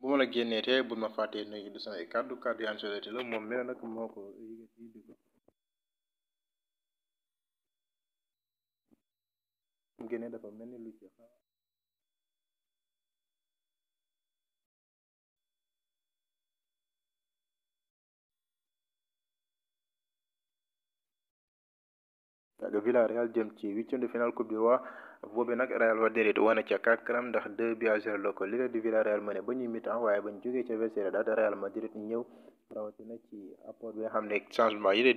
bu ma la génnee te bu ma fàttee nuyu du samay kàddu kàddu yi am solo moom mel nag moo ko génne dafa mel ni lu ci xaw ak Villarreal jëm ci huitième de finale Coupe du Roi boobu nag Real Madrid wane ca kàkkaram ndax 2 bi à la ko lile di Villarreal ba ñuy waaye ba ñu ca Villarreal daal Real Madrid ñëw rawatina ci apport bi xam ne changement yi la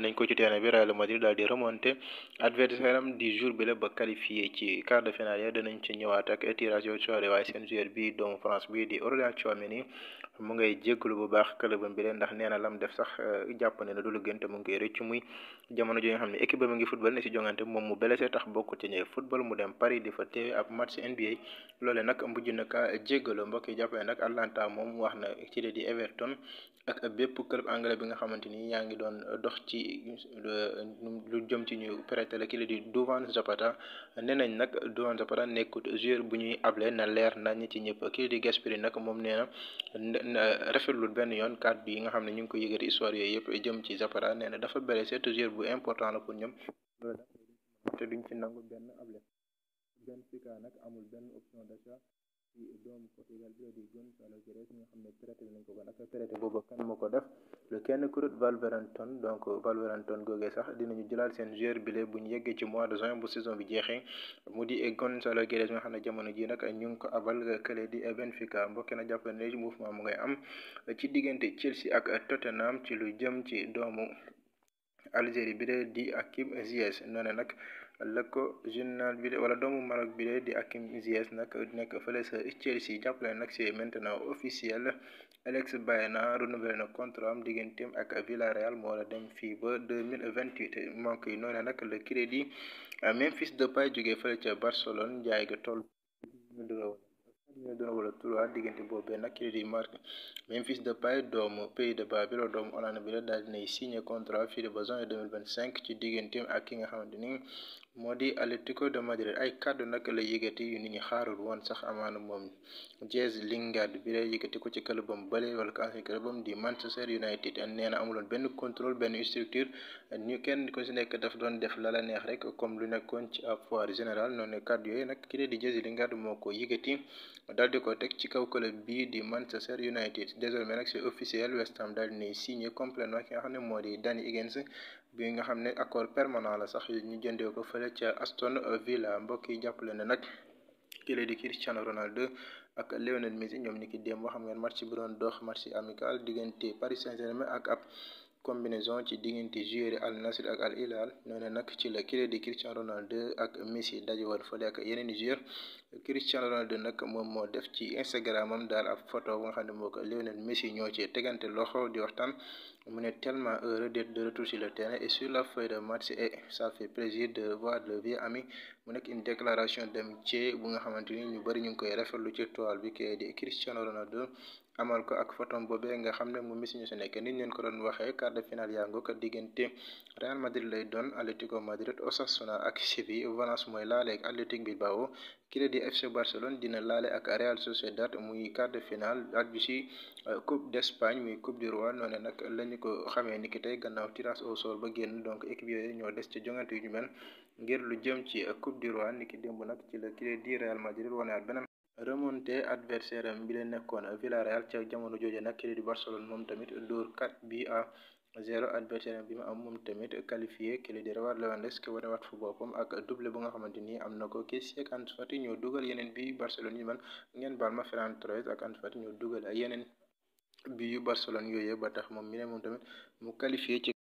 nañ ko ci terrain bi Real Madrid daal di remonter adversaire am di jour bi ba qualifié ci quart de finale ya danañ ci ñëwaat ak tirage au sort waaye seen bi doomu France bi di Aurélien Tchouameni mu ngay jégalu bu baax clubam bi ndax nee lam def sax jàpp ne du gën te ngi rëcc muy jamono diggante moom mu blessé tax bokk ci ñëw football mu dem Paris di fa teewe ab match NBA loole nag mujj na ka jéggalu mbokk yi jàppale nag Atlanta moom wax na ci la di ak bépp club anglais bi nga xamante ni yaa ngi doon dox ci lu jëm ci ñu prêté la ki la di Duvan Zapata nañ nag Duvan Zapata nekkut joueur bu ñuy able na leer nañ ci ñëpp ki di Gasperi nag moom nee na rafetlu yoon kàddu yi nga xam ne ñu ngi ko yëgati histoire yooyu yëpp jëm ci Zapata nee dafa blessé te joueur bu important la pour ñoom. te duñ ci nangu benn able Benfica nag amul benn option d'achat ci doomu Portugal bi di Gonçalo Guedes ñi nga xam ne traité nañ ko ko naka traité boobu kan moo ko def lu kenn kurut Wolverhampton donc Wolverhampton googee sax dinañu jëlaat seen joueur bile bu ñu yeggee ci mois de juin bu saison bi jeexee mu di Gonçalo Guedes nga xam ne jamono ji nag ñu ngi ko abal kële di Benfica mbokk na jàpp ne mouvement mu ngay am ci diggante Chelsea ak Tottenham ci lu jëm ci doomu Algérie bi de di Hakim Ziyech noonu nag la ko journal bi de wala doomu Maroc bi di Hakim Ziyech nag nekk fële sa Chelsea jàppale nag c'est maintenant officiel Alex Baena renouvelé na contrat am digganteem ak Villarreal moo la dem fii ba deux mille vingt huit manque yi noonu nag le crédit Memphis Depay jógee fële ca Barcelone jaay ga toll. ñu doon wala trois diggante boobee nag kii di Marc Memphis Depay doomu pays de Bas bi la doomu Hollande bi daal dinay signé contrat fii de ba juin 2025 ci digganteem ak ki nga xamante ni moo di Atlético de Madrid ay kàddu nag la yëkkati yu nit ñi xaarul woon sax amaana moom Jez Lingard bi la yëkkati ko ci këlëbam bale wala ko ancien këlëbam nee na amuloon benn contrôle benn structure ñu kenn si nekk daf doon def lala neex rek comme lu nekkoon ci ab foire générale noonu kàddu yooyu nag ki di Jez moo ko yëkkati daal di ko teg ci kaw club bii di Manchester United désormais nag c'est officiel West Ham daal di signé complètement ki nga xam ne moo di Danny Higgins nga xam ne accord permanent la sax ñu jëndee ko fa fële ca Aston Villa mbokk yi jàppale ne nag kile di Cristiano Ronaldo ak Lionel Messi ñoom ni ki démb xam ngeen match bi doon dox match amicale diggante Paris Saint-Germain ak ab combinaison ci diggante joueur Al Nassr ak Al Hilal noonu nag ci la kile di Cristiano Ronaldo ak Messi daje woon fële ak yeneen i joueur Cristiano Ronaldo nag moom moo def ci Instagramam daal a foto bu nga xam ne moo ko Lionel Messi ñoo ci tegante loxo di waxtaan mu ne tellement heureux d'être de retour sur le terrain et sur la feuille de match et ça fait plaisir de voir le ami mu nekk une déclaration dem ci bu nga xamante ni ñu bëri ñu ngi koy rafetlu ci toile bi kii di Cristiano Ronaldo. amal ko ak photon boobee nga xam ne mu mis ñu si nekk nit ñeen ko doon waxee quart de finale yaa ngoo ko diggante Real Madrid lay doon Atlético Madrid Osasuna ak Séville Valence mooy laale ak Athletic Bilbao kii di muy quart de finale at bi si Coupe d'Espagne muy Coupe du Roi noonu nag lañu ko xamee ni tey gannaaw tirage au sort ba génn donc équipe yooyu ñoo des ci jongante yu ñu mel ngir lu jëm ci Coupe du Roi ni ki démb ci la kii Real Madrid wonaat remonté adversaire am bi leen nekkoon Villarreal ca jamono jooju nag kii di tamit dóor 4 bi à zéro adversaire am bi mu am moom tamit qualifié kii di Robert Lewandowski wane waat fu boppam ak double bu nga xamante ni am na ko kii si ak Ansu Fati ñoo dugal yeneen bi Barcelone yi man ngeen baal ma Ferran ak Ansu Fati ñoo dugal yeneen bi yu Barcelone ba tax moom mi ne tamit mu qualifié